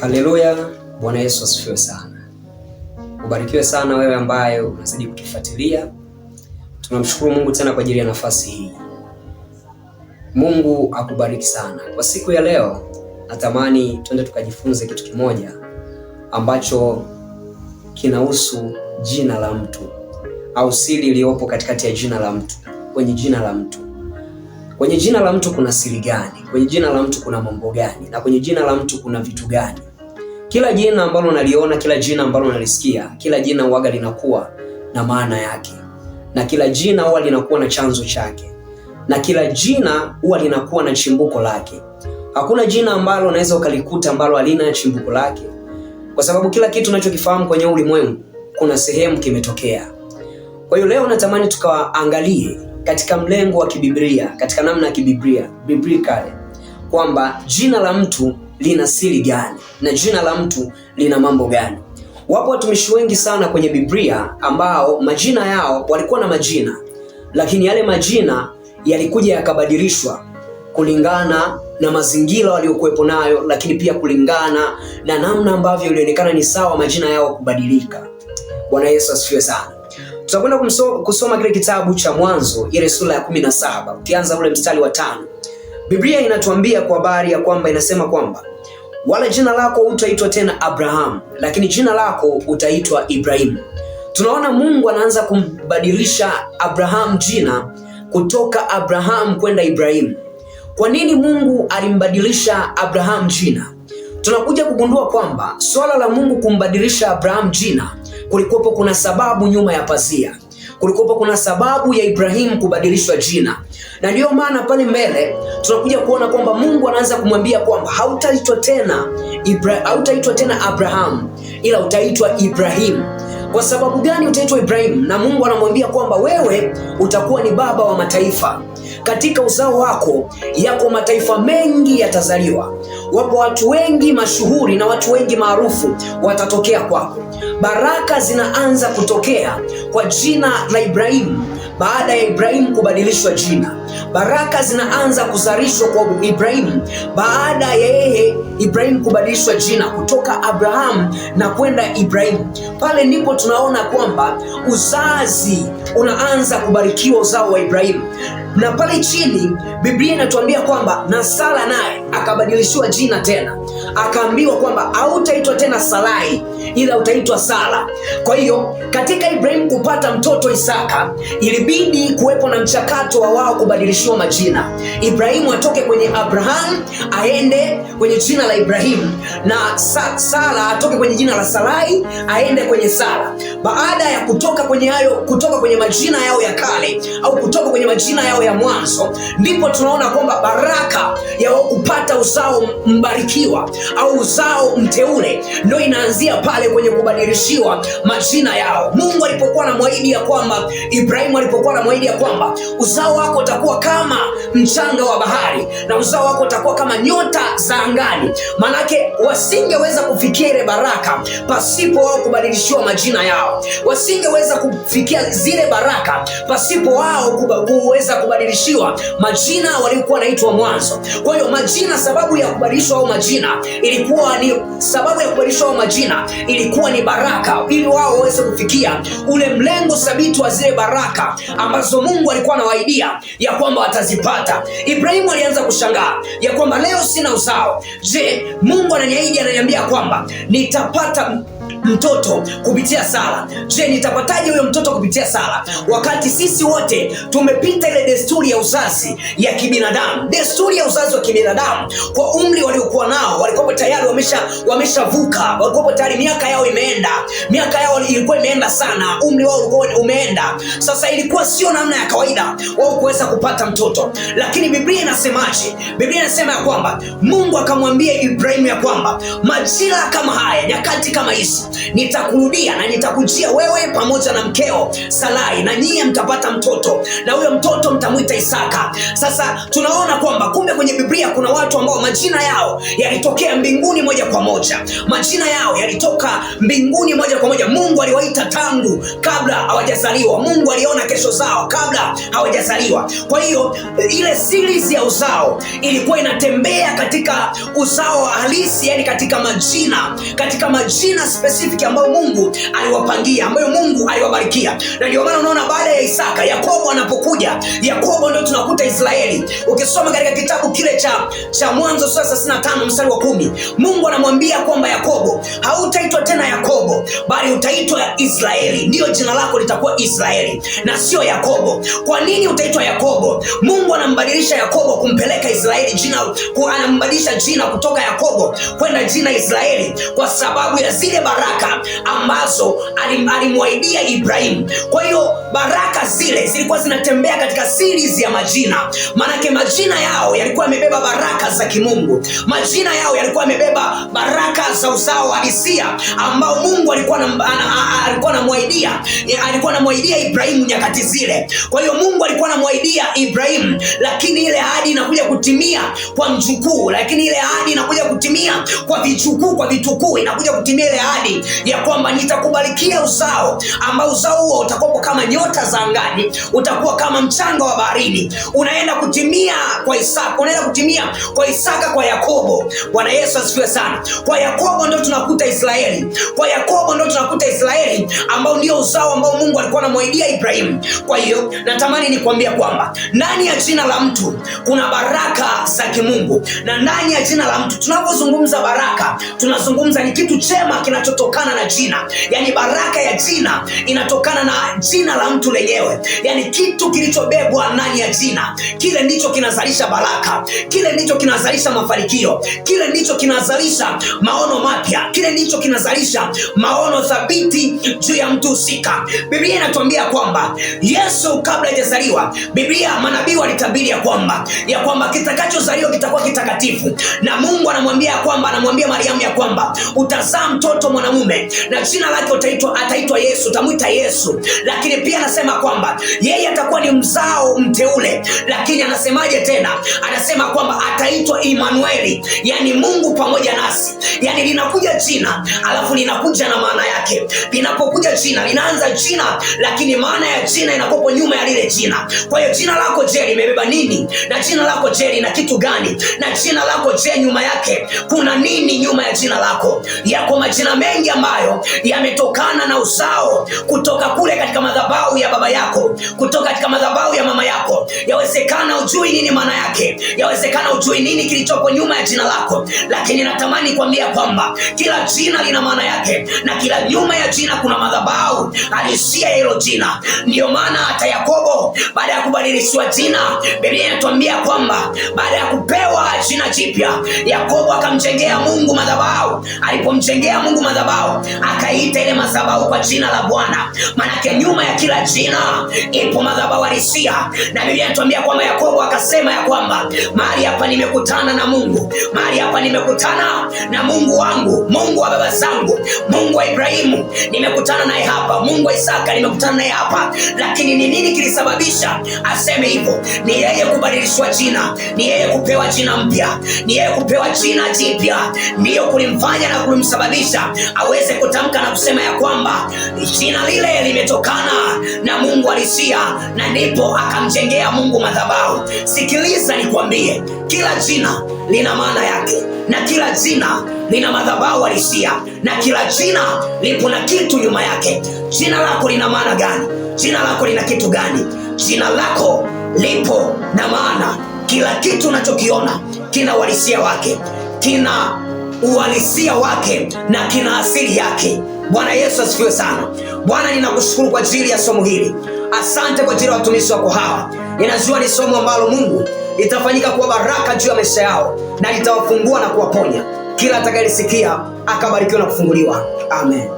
Haleluya, Bwana Yesu asifiwe sana. Ubarikiwe sana wewe ambaye unazidi kutufuatilia. Tunamshukuru Mungu tena kwa ajili ya nafasi hii. Mungu akubariki sana. Kwa siku ya leo, natamani twende tukajifunze kitu kimoja ambacho kinahusu jina la mtu au siri iliyopo katikati ya jina la mtu. Kwenye jina la mtu, kwenye jina la mtu kuna siri gani? Kwenye jina la mtu kuna mambo gani? Na kwenye jina la mtu kuna vitu gani? Kila jina ambalo unaliona, kila jina ambalo unalisikia, kila jina huaga linakuwa na maana yake, na kila jina huwa linakuwa na chanzo chake, na kila jina huwa linakuwa na chimbuko lake. Hakuna jina ambalo unaweza ukalikuta ambalo halina chimbuko lake, kwa sababu kila kitu unachokifahamu kwenye ulimwengu kuna sehemu kimetokea. Kwa hiyo leo natamani tukaangalie katika mlengo wa kibiblia, katika namna ya kibiblia biblia kwamba jina la mtu lina siri gani na jina la mtu lina mambo gani? Wapo watumishi wengi sana kwenye Biblia ambao majina yao walikuwa na majina, lakini yale majina yalikuja yakabadilishwa kulingana na mazingira waliokuwepo nayo, lakini pia kulingana na namna ambavyo ilionekana ni sawa majina yao kubadilika. Bwana Yesu asifiwe sana. Tutakwenda kusoma kile kitabu cha Mwanzo ile sura ya 17 ukianza ule mstari wa tano. Biblia inatuambia kwa habari ya kwamba inasema kwamba wala jina lako hutaitwa tena Abrahamu, lakini jina lako utaitwa Ibrahimu. Tunaona Mungu anaanza kumbadilisha Abrahamu jina kutoka Abrahamu kwenda Ibrahimu. Kwa nini Mungu alimbadilisha Abrahamu jina? Tunakuja kugundua kwamba swala la Mungu kumbadilisha Abrahamu jina kulikuwepo kuna sababu nyuma ya pazia kulikuwa kuna sababu ya Ibrahimu kubadilishwa jina, na ndiyo maana pale mbele tunakuja kuona kwamba Mungu anaanza kumwambia kwamba hautaitwa tena Ibra, hautaitwa tena Abrahamu ila utaitwa Ibrahimu. Kwa sababu gani utaitwa Ibrahimu? Na Mungu anamwambia kwamba wewe utakuwa ni baba wa mataifa, katika uzao wako yako mataifa mengi yatazaliwa. Wapo watu wengi mashuhuri na watu wengi maarufu watatokea kwako. Baraka zinaanza kutokea kwa jina la Ibrahimu. Baada ya Ibrahimu kubadilishwa jina, baraka zinaanza kuzalishwa kwa Ibrahimu baada ya yeye Ibrahimu kubadilishwa jina kutoka Abrahamu na kwenda Ibrahimu. Pale ndipo tunaona kwamba uzazi unaanza kubarikiwa, uzao wa Ibrahimu. Na pale chini Biblia inatuambia kwamba na Sara naye akabadilishiwa jina tena, akaambiwa kwamba hautaitwa tena Sarai ila utaitwa Sara. Kwa hiyo katika Ibrahimu kupata mtoto Isaka ilibidi kuwepo na mchakato wa wao kubadilishiwa majina. Ibrahimu atoke kwenye Abraham aende kwenye jina la Ibrahimu na Sa Sara atoke kwenye jina la Sarai aende kwenye Sara. Baada ya kutoka kwenye hayo, kutoka kwenye majina yao ya kale au kutoka kwenye majina yao ya mwanzo, ndipo tunaona kwamba baraka ya kupata uzao mbarikiwa au uzao mteule ndio inaanzia pale pale kwenye kubadilishiwa majina yao. Mungu alipokuwa na mwahidi ya kwamba Ibrahimu alipokuwa na mwahidi ya kwamba uzao wako utakuwa kama mchanga wa bahari na uzao wako utakuwa kama nyota za angani, manake wasingeweza kufikia ile baraka pasipo wao kubadilishiwa majina yao, wasingeweza kufikia zile baraka pasipo wao kuweza kubadilishiwa majina waliokuwa naitwa mwanzo. Kwa hiyo majina, sababu ya kubadilishwa au majina ilikuwa ni sababu ya kubadilishwa majina ilikuwa ni baraka, ili wao waweze kufikia ule mlengo thabiti wa zile baraka ambazo Mungu alikuwa anawaahidia ya kwamba watazipata. Ibrahimu alianza kushangaa ya kwamba leo sina uzao. Je, Mungu ananiahidi, ananiambia kwamba nitapata mtoto kupitia Sara. Je, nitapataje huyo mtoto kupitia Sara, wakati sisi wote tumepita ile desturi ya uzazi ya kibinadamu? Desturi ya uzazi wa kibinadamu kwa umri waliokuwa nao, walikuwa tayari wameshavuka, walikuwa tayari miaka miaka yao imeenda, miaka yao ilikuwa imeenda sana, umri wao ulikuwa umeenda. Sasa ilikuwa sio namna ya kawaida wao kuweza kupata mtoto, lakini Biblia inasemaje? Biblia inasema ya kwamba Mungu akamwambia Ibrahimu ya kwamba majira kama haya, nyakati kama hizi, nitakurudia na nitakujia wewe pamoja na mkeo Sarai, na nyiye mtapata mtoto, na huyo mtoto mtamwita Isaka. Sasa tunaona kwamba kumbe kwenye Biblia kuna watu ambao majina yao yalitokea mbinguni moja kwa moja, majina yao yalitoka kutoka mbinguni moja kwa moja. Mungu aliwaita tangu kabla hawajazaliwa. Mungu aliona kesho zao kabla hawajazaliwa. Kwa hiyo ile series ya uzao ilikuwa inatembea katika uzao halisi, yani katika majina, katika majina specific ambayo Mungu aliwapangia, ambayo Mungu aliwabarikia, na ndio maana unaona baada ya Isaka, Yakobo anapokuja, Yakobo ndio tunakuta Israeli. Ukisoma katika kitabu kile cha cha Mwanzo sura 35 mstari wa kumi, Mungu anamwambia kwamba Yakobo hauta utaitwa tena Yakobo, bali utaitwa Israeli. Ndiyo jina lako litakuwa Israeli na sio Yakobo. Kwa nini utaitwa Yakobo? Mungu anambadilisha Yakobo kumpeleka Israeli jina, anambadilisha jina kutoka Yakobo kwenda jina Israeli kwa sababu ya zile baraka ambazo alimwaidia Ibrahimu. Kwa hiyo baraka zile zilikuwa zinatembea katika series ya majina, maanake majina yao yalikuwa yamebeba baraka za kimungu, majina yao yalikuwa yamebeba baraka za uzao halisia ambao Mungu alikuwa alikuwa anamwaidia alikuwa anamwaidia Ibrahimu nyakati zile. Kwa hiyo Mungu alikuwa anamwaidia Ibrahimu, lakini ile ahadi inakuja kutimia kwa mjukuu, lakini ile ahadi inakuja kutimia kwa vichukuu, kwa vitukuu, inakuja kutimia ile ahadi ya kwamba nitakubarikia uzao, ambao uzao huo utakuwa kama nyota za angani, utakuwa kama mchanga wa baharini. Unaenda kutimia kwa Isaka, unaenda kutimia kwa Isaka, kwa Yakobo. Bwana Yesu asifiwe sana. Kwa Yakobo ndo tunakuta Israeli, kwa Yakobo ndo tunakuta Israeli ambao ndio uzao ambao Mungu alikuwa anamwahidia Ibrahimu. Kwa hiyo natamani nikwambia kwamba ndani ya jina la mtu kuna baraka za kimungu, na ndani ya jina la mtu tunapozungumza baraka, tunazungumza ni kitu chema kinachotokana na jina, yaani baraka ya jina inatokana na jina la mtu lenyewe, yaani kitu kilichobebwa ndani ya jina, kile ndicho kinazalisha baraka, kile ndicho kinazalisha mafanikio, kile ndicho kinazalisha maono mapya, kile ndicho kinazalisha maono thabiti juu ya mtu husika. Biblia inatuambia kwamba Yesu kabla ijazaliwa Biblia manabii walitabiri ya kwamba ya kwamba kitakachozaliwa kitakuwa kitakatifu, na Mungu anamwambia ya kwamba anamwambia Mariamu ya kwamba utazaa mtoto mwanamume na jina lake utaitwa ataitwa Yesu, utamwita Yesu. Lakini pia anasema kwamba yeye atakuwa ni mzao mteule, lakini anasemaje tena? Anasema kwamba ataitwa Imanueli, yani Mungu pamoja nasi. Yani linakuja jina alafu linakuja na maana yake linapokuja linakuja jina, linaanza jina, lakini maana ya jina inakopo nyuma ya lile jina. Kwa hiyo jina lako je, limebeba nini? Na jina lako je, lina kitu gani? Na jina lako je, nyuma yake kuna nini? Nyuma ya jina lako yako majina mengi ambayo yametokana na usao kutoka kule katika madhabahu ya baba yako, kutoka katika madhabahu ya mama Yawezekana ujui nini maana yake, yawezekana ujui nini kilichopo nyuma ya jina lako, lakini natamani kuambia kwamba kila jina lina maana yake, na kila nyuma ya jina kuna madhabahu alisia ya hilo jina. Ndiyo maana hata Yakobo kubadilishiwa jina. Biblia inatuambia kwamba baada ya kupewa jina jipya, Yakobo akamjengea Mungu madhabahu. Alipomjengea Mungu madhabahu, akaita ile madhabahu kwa jina la Bwana, manake nyuma ya kila jina ipo madhabahu halisia. Na Biblia inatuambia kwamba Yakobo akasema ya kwamba mahali hapa nimekutana na Mungu, mahali hapa nimekutana na Mungu wangu, Mungu wa baba zangu, Mungu wa Ibrahimu nimekutana naye hapa, Mungu wa Isaka nimekutana naye hapa. Lakini ni nini kilisababisha aseme hivyo. Ni yeye kubadilishwa jina, ni yeye kupewa jina mpya, ni yeye kupewa jina jipya, ndiyo kulimfanya na kulimsababisha aweze kutamka na kusema ya kwamba jina lile limetokana na Mungu alisia, na ndipo akamjengea Mungu madhabahu. Sikiliza nikwambie kila jina lina maana yake, na kila jina lina madhabahu halisia, na kila jina lipo na kitu nyuma yake. Jina lako lina maana gani? Jina lako lina kitu gani? Jina lako lipo na maana. Kila kitu unachokiona kina uhalisia wake, kina uhalisia wake na kina asili yake. Bwana Yesu asifiwe sana. Bwana, ninakushukuru kwa ajili ya somo hili. Asante kwa ajili ya watumishi wako hawa. Ninajua ni somo ambalo Mungu litafanyika kuwa baraka juu ya maisha yao na litawafungua na kuwaponya. Kila atakayelisikia akabarikiwa na kufunguliwa. Amen.